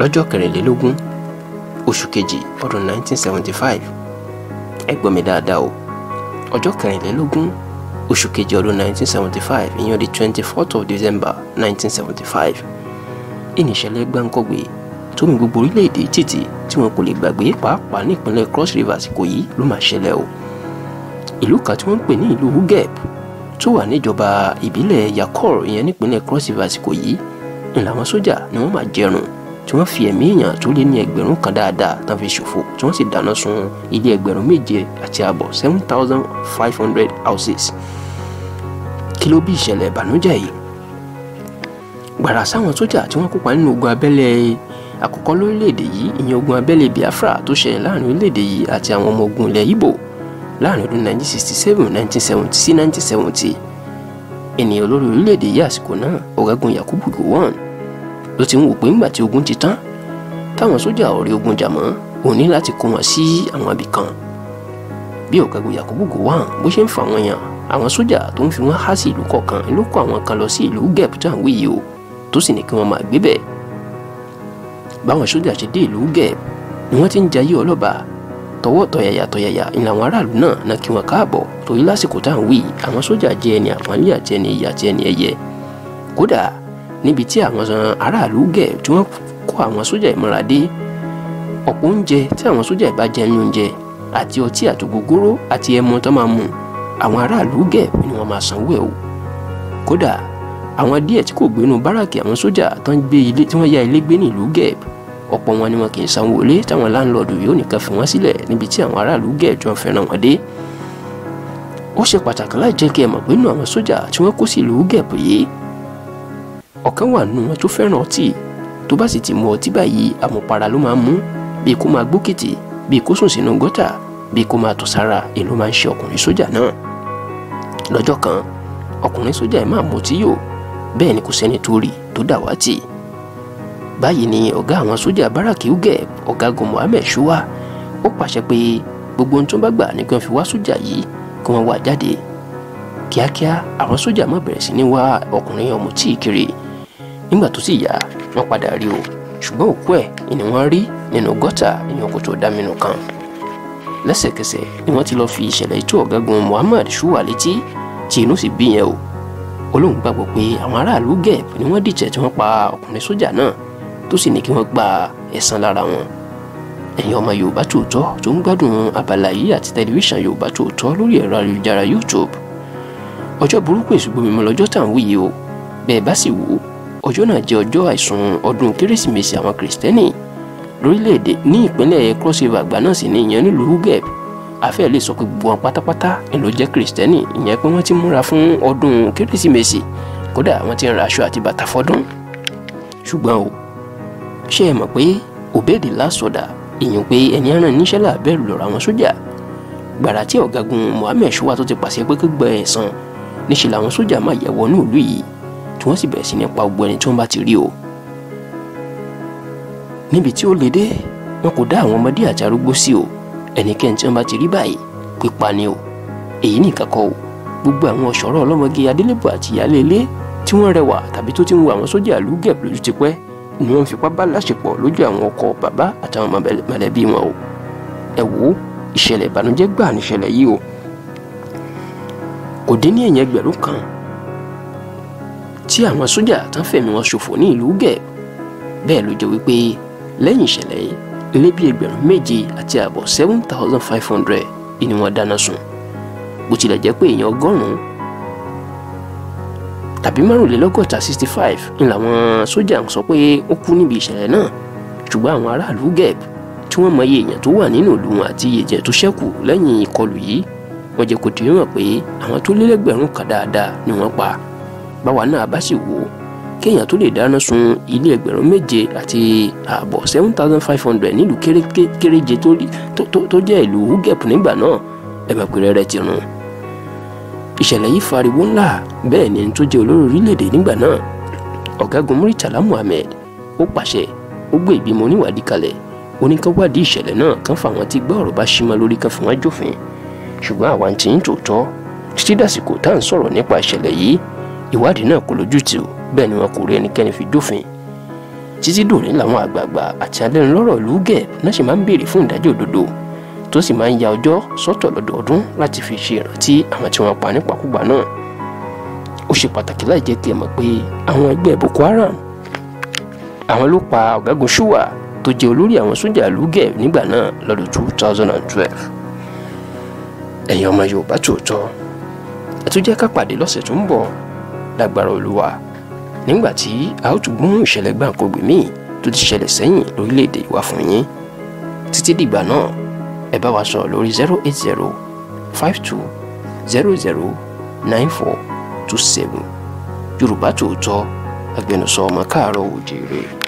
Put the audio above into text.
lọ́jọ́ kẹrìnlélógún oṣù kejì ọdún 1975 ẹ gbọ́ mi dáadáa o ọjọ́ kẹrìnlélógún oṣù kejì ọdún 1975 ìyẹn di 24th of December 1975 ìníṣẹ̀lẹ̀ gbáǹkọ̀gbé tómi gbogbo orílẹ̀-èdè títì tí wọn kò lè gbàgbé pàápàá ní ìpínlẹ̀ Cross River Ìkòyí ló máa ṣẹlẹ̀ o ìlú kan tí wọ́n ń pè ní ìlú Hugep tó wà níjọba ìbílẹ̀ Yakor ìyẹn nípínlẹ̀ Cross River Ìkòyí ńlá wọn sójà ni wọ́n máa jẹrun tí wọ́n fi ẹ̀mí èèyàn tó lé ní ẹgbẹ̀rún kan dáadáa tán fi ṣòfò tí wọ́n sì dáná sun ilé ẹgbẹ̀rún méje àti àbọ̀ seven thousand five hundred houses kí ló bí ìṣẹ̀lẹ̀ ìbànújẹ́ yìí gbàrà sáwọn sójà tí wọ́n kópa nínú ogun abẹ́lé àkọ́kọ́ lórílẹ̀‐èdè yìí ìyẹn ogun abẹ́lé Biafra tó ṣẹlẹ̀ láàrin orílẹ̀‐èdè yìí àti àwọn ọmọ ogun ilẹ̀ Ìgbò láàrin ọdún 1967 1970 sí 1970 ènìyàn olórí orílẹ̀‐èdè yìí àsìkò náà ọ̀gágun Yakubu Gowon ló ti ń wò pé ńgbà tí ogun ti tán táwọn sójà ọ̀rẹ́ ogun jà mọ́ òun ní láti kó wọn sí àwọn ibì kan bí ọ̀gágun Yakubu Gowon bó ṣe ń fa àwọn èèyàn àwọn sójà tó ń fi wọn há sí ìlú kọ̀ọ̀kan ló kó àwọn kan lọ sí ìlú gẹ̀p tá ń wí yìí o tó sì ní kí wọ́n máa gbé bẹ̀ báwọn sójà ṣe dé ìlú gẹ̀p ni wọ́n ti ń jayé ọlọ́ba tọwọ́ tọ̀yàyà tọ̀yàyà ni làwọn aráàlú náà na kí wọn káàbọ̀ torí lásìkò tá à ń wí àwọn sójà jẹ ẹni àpọ́nlé àti ẹni ìyà àti ẹni ẹyẹ kódà níbi tí àwọn aráàlú gẹ̀ tí wọ́n kó àwọn sójà ìmúra dé ọ̀pọ̀ oúnjẹ tí àwọn sójà ìbá jẹ ní oúnjẹ àti ọtí àtògógóró àti ẹmu tó máa mu àwọn aráàlú gẹ̀ ni wọ́n máa sanwó ẹ̀ o kódà àwọn díẹ̀ tí kò gbénu báràkì àwọn sójà tí wọ́n ya ilé gbé nílùú gẹ̀ ọ̀pọ̀ wọn ni wọn kì í sanwó ilé táwọn láńlọ́ọ̀dù yóò nìkan fi wọ́n sílẹ̀ níbi tí àwọn aráàlú gẹ̀ jọ fẹ́ràn wọn dé ó ṣe pàtàkì láì jẹ́ kí ẹ mọ̀ pé inú àwọn sójà tí wọ́n kó sí ìlú gẹ̀ẹ́pù yìí ọ̀kan wà nù wọn tó fẹ́ràn ọtí tó bá sì ti mu ọtí báyìí àmupara ló máa ń mú bíi kó máa gbókìtì bíi kó sùn sínú gọ́tà bíi kó máa tọ̀ sára èló máa ń ṣe ọkùnrin sójà náà lọ́jọ́ kan ọkùnrin sójà ẹ̀ máa mutí yò bẹ́ẹ̀ ni kò sẹ́ni tó rí tó dàwátì báyìí ni ọ̀gá àwọn sójà báràkì ugẹ̀ ọ̀gágun Mohammed Shuwa ó pàṣẹ pé gbogbo ohun tó bá gbà ní kí wọ́n fi wá sójà yìí kí wọ́n wá jáde kíákíá àwọn sójà má bẹ̀rẹ̀ sí ní wá ọkùnrin ọmọ tíì kiri nígbà tó sì yá wọ́n padà rí o ṣùgbọ́n òkú ẹ̀ ni wọ́n rí nínú gọ́tà nínú kòtò dámínú kan lẹ́sẹ̀kẹsẹ̀ ni wọ́n ti lọ fi ìṣẹ̀lẹ̀ ìtú ọ̀gágun Muhammad Shua létí tí inú sì bí yẹn o olóhùn gbàgbọ́ pé àwọn aráàlú gẹ̀ẹ́b ni wọ́n dìjẹ́ tí wọ́n pa ọkùnrin sójà náà tó sì ní kí wọ́n gba ẹ̀san lára wọn ẹ̀yin ọmọ Yorùbá Tòótọ́ tó ń gbádùn abala yìí àti tẹlifíṣàn Yorùbá Tòótọ́ lórí ẹ̀rọ ayélujára YouTube ọjọ́ burúkú èṣùgbọ́n mi mọ́ lọ́jọ́ tá à o bẹ́ẹ̀ bá sì wò ó ọjọ́ náà jẹ́ ọjọ́ àìsùn ọdún kérésìmesì àwọn kìrìsìtẹ́nì lórílẹ̀‐èdè ní ìpínlẹ̀ cross river àgbà náà sì ní ìyẹn nílùú hugeb afẹ́ lè sọ pé gbogbo wọn pátápátá ló jẹ́ kìrìsìtẹ́nì ìyẹn pé wọ́n ti múra fún ọdún kérésìmesì kódà wọ́n ti ń ra aṣọ àti bàtà fọ́dún ṣùgbọ́n o ṣé ẹ mọ̀ pé òbéèdè lásọdà ìyẹn pé ẹni ẹran níṣẹ́ làbẹ́rù lọ́rọ̀ àwọn sójà gbàrà tí ọ̀gágun mohammed shuwa tó ti pàṣẹ pé kó gbẹ ẹ̀san níṣẹ́ làwọn sójà máa yẹ̀ wọnú ìlú yìí tí wọ́n sì bẹ̀rẹ̀ sí ní pa gbogbo ẹni tí wọ́n bá ti rí o. níbi tí ó lè dé wọn kò dá àwọn ọmọdé àti arúgbó sí o ẹnikẹ́ni tí wọ́n bá ti rí báyìí pípa ni o èyí nìkan kọ́ o gbogbo àwọn ọ̀ṣọ́rọ̀ ọlọ́mọge adélébọ̀ àti ìyáálé ilé tí wọ́n rẹwà tàbí tó ti ń wo àwọn sójà lúgẹ̀ lójú tipẹ́ ni wọ́n fipá bá láṣepọ̀ lójú àwọn ọkọ bàbá àtàwọn mọ̀lẹ́bí wọn o ẹ wo ìṣẹ̀lẹ̀ ìbànújẹ́ gbà níṣẹ̀lẹ̀ yìí o kò dín ní èèyàn ẹgbẹ̀rún kan tí àwọn sójà tán fẹ̀mí wọn ṣòfò ní ìlú gẹ̀ bẹ́ẹ̀ ló jẹ́ wípé lẹ́yìn ìṣẹ̀lẹ̀ ilé bíi ẹgbẹ̀rún méje àti ààbọ̀ seven thousand five hundred ni wọ́n dáná sun bó tilẹ̀ jẹ́ pé èèyàn ọgọ́rùn-ún tàbí márùnlélọ́gọ́ta sixty five ni làwọn sójà ń sọ pé ó kú níbi ìṣẹ̀lẹ̀ náà ṣùgbọ́n àwọn aráàlú gẹ̀b tí wọ́n mọ iye èèyàn tó wà nínú ìlú wọn àti iye tó ṣẹ́kù lẹ́yìn ìkọlù yìí wọ́n jẹ́ kó di mímọ̀ pé àwọn tó lé kan dáadáa ni wọ́n pa báwa náà bá sì wò ó kéèyàn tó lè dáná sun ilé ẹgbẹ̀rún méje àti ààbọ̀ seven thousand five hundred nílùú kéréje tó jẹ́ ìlú húgẹ̀pù nígbà náà ẹ mọ̀ pé rẹ́rẹ́ ti run. ìṣẹ̀lẹ̀ yìí fariwo ńlá bẹ́ẹ̀ ni ẹni tó jẹ́ olórí orílẹ̀-èdè nígbà náà ọ̀gágun Murtala Muhammed ó pàṣẹ ó gbé ìgbìmọ̀ oníwádìí kalẹ̀ oníkanwádìí ìṣẹ̀lẹ̀ náà kan fáwọn tí gbọ́ ọ̀rọ̀ bá ṣí mọ́ lórí kan fáwọn ajófin ṣùgbọ́n àwọn tí ń tòótọ́ títí dàsìkò tá à ń sọ̀rọ̀ nípa ìṣẹ̀lẹ̀ yìí ìwádìí náà kò lójútì o bẹ́ẹ̀ ni wọn kò rí ẹnikẹ́ni fi dófin títí dòní làwọn àgbààgbà àti alẹ́nulọ́rọ̀ ìlú gẹ̀ náà sì máa ń béèrè fún ìdájọ́ òdodo tó sì máa ń ya ọjọ́ sọ́tọ̀ lọ́dọọdún láti fi ṣe ìrántí àwọn tí wọ́n pa nípakúgbà náà ó ṣe pàtàkì láì jẹ́ tiẹ̀ mọ̀ pé àwọn ẹgbẹ́ Boko Haram àwọn ló pa ọ̀gágun Shuwa tó jẹ́ olórí àwọn sójà ìlú gẹ̀ nígbà náà lọ́dún two thousand and twelve ẹ̀yin ọmọ Yorùbá tòótọ́ ẹ tún jẹ́ ká pàdé lọ́sẹ̀ tó ń bọ̀ lágbára olúwa nígbà tí a ó tún gbóhùn ìṣẹ̀lẹ̀ gbàǹkogbè míì tó ti ṣẹlẹ̀ sẹ́yìn lórílẹ̀‐èdè wa fún yín títí dìgbà náà ẹ bá wa sọ̀rọ̀ lórí zero eight zero five two zero zero nine four two seven yorùbá tòótọ́ agbẹnusọ ọmọ káàárọ̀ oòjíire.